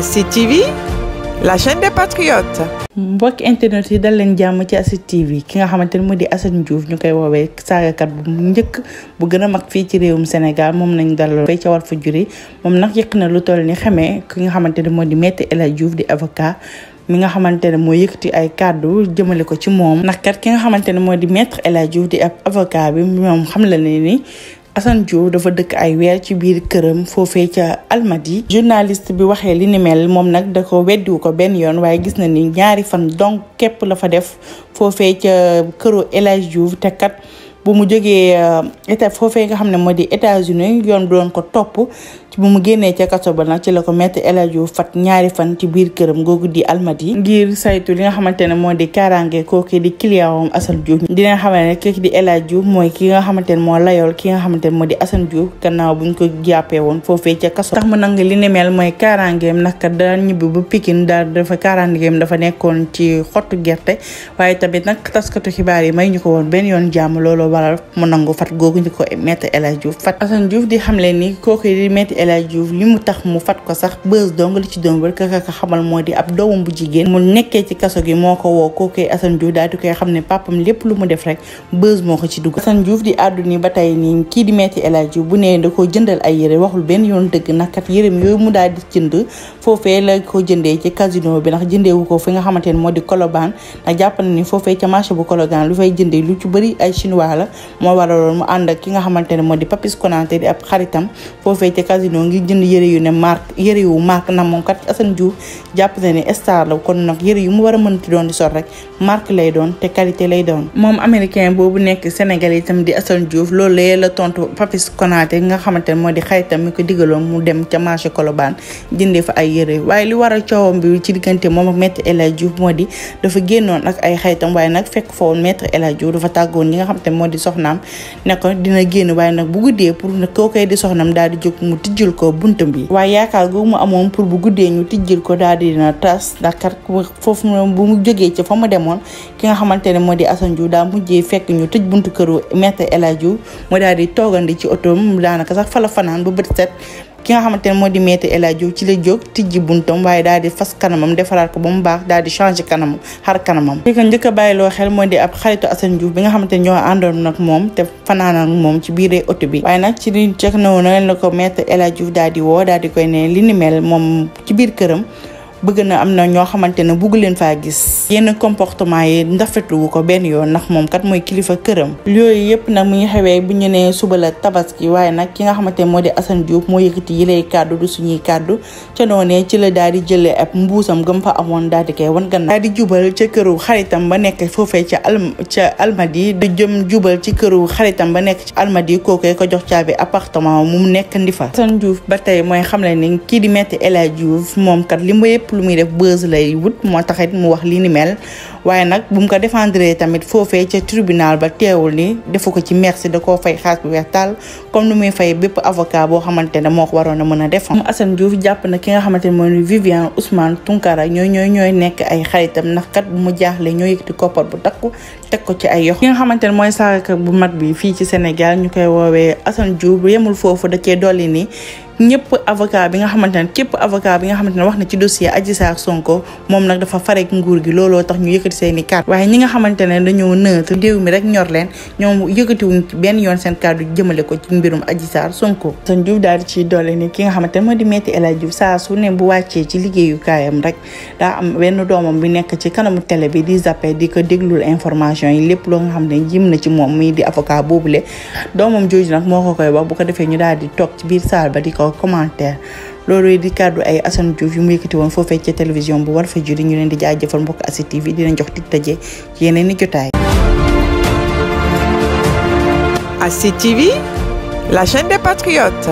ASID TV la chaîne des patriotes. mbokk internet yi dal leen jàmm ci ASID TV ki nga xamante ni moo di asset Diouf ñu koy woowee saagakat bu njëkk bu gën a mag fii ci réewum Sénégal moom nañ dalal fay fa juri moom nag yëq na lu toll ni xamee ki nga xamante ni moo di Maître El Hadji di avocat. mi nga xamante ne moo yëkkati ay kàddu jëmale ko ci moom. ndax kat ki nga xamante ne moo di maître El Hadji Diouf ab avocat bi moom xam la ne ni Assane Diouf dafa dëkk ay weer ci biir këram foofee ca Almadi journaliste bi waxee li ni mel moom nag da ko weddiwu ko benn yoon waaye gis na ni ñaari fan donc képp la fa def foofee ca këru El Hadj Diouf te kat bu mu jógee euh, état foofee nga xam ne moo di États-Unis yoon doon ko topp bu mu génnee ca kaso ba nag ci la ko Maître El Hadji Diouf fat ñaari fan ci biir këram googu di Almadies ngir saytu li nga xamante ne moo di kaaraange kooki di clientam Assane Diouf ne kooki di El Hadji Diouf mooy ki nga xamante ne moo layool ki nga xamante ne moo di Assane Diouf gannaaw buñ ko jàppee woon foofee ca kaso tax mu nang li ne dafa kaaraangeem dafa nekkoon ci xottu waaye tamit nag taskatu xibaar yi may ñu ko woon benn yoon jàmm looloo waral mu nangu fat googu ñu ko Maître El xamle ni kooki di Maître El Hadj Diouf li mu tax mu fat ko sax bës dong li ci doon wër kaka ka xamal moo di ab doomam bu jigéen mu nekkee ci kaso gi moo ko woo kookoy Assane Diouf daal di koy xam ne papam lépp lu mu def rek bës moo ko ci dugg Assane juuf di àddu ni ba tey nii kii di metti El Hadj bu nee da ko jëndal ay yére waxul benn yoon dëgg ndax kat yërëm yooyu mu daal di jënd foofee la ko jëndee ci casino bi ndax jëndeewu ko fi nga xamante ne moo di Colobane ndax jàpp na ni foofee ca marché bu Colobane lu fay jëndee lu ci bëri ay chinois la moo waraloon mu ki nga xamante ne moo di Papis Konaté di ab xaritam foofee Modou Lo ngi jënd yëre yu ne marque yëre yu marque na moom kat Assane Diouf jàpp na star la kon nag yëre yu mu war a mënti doon di sol nekk ne moo di xaritam mi mu dem ca marché Colobane jëndee fa ay yëre li waral coowam bi ci diggante moom ak maître El Hadji Diouf moo di dafa génnoon ak ay xaritam waaye nag fekk fa woon maître El Hadji Diouf di soxnaam ne ko dina génn waaye nag bu guddee pour koo di soxnaam daal di jóg mu tijj tijjil ko buntam bi waaye yaakaar googu mu amoon pour bu guddee ñu tijjil ko daal di dina taas ndax kat foofu moom bu mu jógee ci fa mu demoon ki nga xamante ne moo di Assane Diouf daa mujjee fekk ñu tëj buntu këru maître El moo Diouf di daal di toogandi ci otoom daanaka sax fala fanaan ba bët set ki nga xamante ne moo di Maître El Hadji Diouf ci la jóg tijji buntam waaye daal di fas kanamam defaraat ko ba mu baax daal di changé kanamam xar kanamam li njëkk a bàyyiloo xel moo di ab xaritu Assane Diouf bi nga xamante ne ñoo àndoon nag moom te fanaanal moom ci biir oto bi waaye nag ci li cek na woon na leen la ko Maître El Hadji Diouf daal di woo daal di koy ne li ni moom ci biir këram bëgg na am na ñoo xamante ne bugg leen faa gis yenn comportement yi ndafetluwu ko benn yoon ndax moom kat mooy kilifa këram yooyu yëpp nag mu ngi xewee bu ñu nee suba la tabaski waaye nag ki nga xamante ne moo di Assane Diouf moo yëkkati yi lay kàddu du suñuy kàddu ca noonee ci la daal di jëlee ab mbuusam gëm fa amoon daal di koy wan gannaaw daal di jubal ca këru xaritam ba nekk foofee ca al ca almadi di jëm jubal ci këru xaritam ba nekk ci almadi kookee ko jox caabi appartement mu nekk ndi fa Assane ba tey mooy xamle ni kii di metti El Hadj Diouf moom kat li mu yëpp lu muy def buzz lay wut moo taxit mu wax li ni mel waaye nag bu mu ko défendre tamit foofee ca tribunal ba teewul ni defu ko ci merci da koo fay xaas bu weex taal comme lu muy fay bépp avocat boo xamante ne moo ko waroon a mën a défendre. Assane Diouf jàpp na ki nga xamante ne mooy Viviane Ousmane Tounkara ñooy ñooy ñooy nekk ay xaritam ndax kat bu mu jaaxle ñoo yëkkati koppar bu takku teg ko ci ay yox ki nga xamante ne mooy saaka bu mat bi fii ci Sénégal ñu koy woowee Assane Diouf yemul foofu da cee dolli ni ñëpp avocat bi nga xamante ne képp avocat bi nga xamante ne wax na ci dossier Adji Sarr Sonko moom nag dafa farek nguur gi looloo tax ñu yëkkati seen i kàddu waaye ñi nga xamante ne dañoo neutre déew mi rek ñor leen ñoom yëkkatiwuñ benn yoon seen kàddu jëmale ko ci mbirum Adji Sarr Sonko Assane Diouf daal di ciy doole ni ki nga xamante ne moo di metti El Hadji Diouf su ne bu wàccee ci liggéeyu kaayam rek daa am wenn doomam bi nekk ci kanamu tele bi di zappé di ko déglul information yi lépp loo nga xam ne jëm na ci moom muy di avocat boobule doomam jooju nag moo ko koy wax bu ko defee ñu daal di toog ci biir saal ba commentaire loolu di kàddu ay Assane Diouf yu mu yëkkati woon foofee ca télévision bu war fa juri ñu leen di jaajëfal mbokk ASID TV dinañ jox dig daje ci yeneen i jotaay. ASID TV la chaîne des patriotes.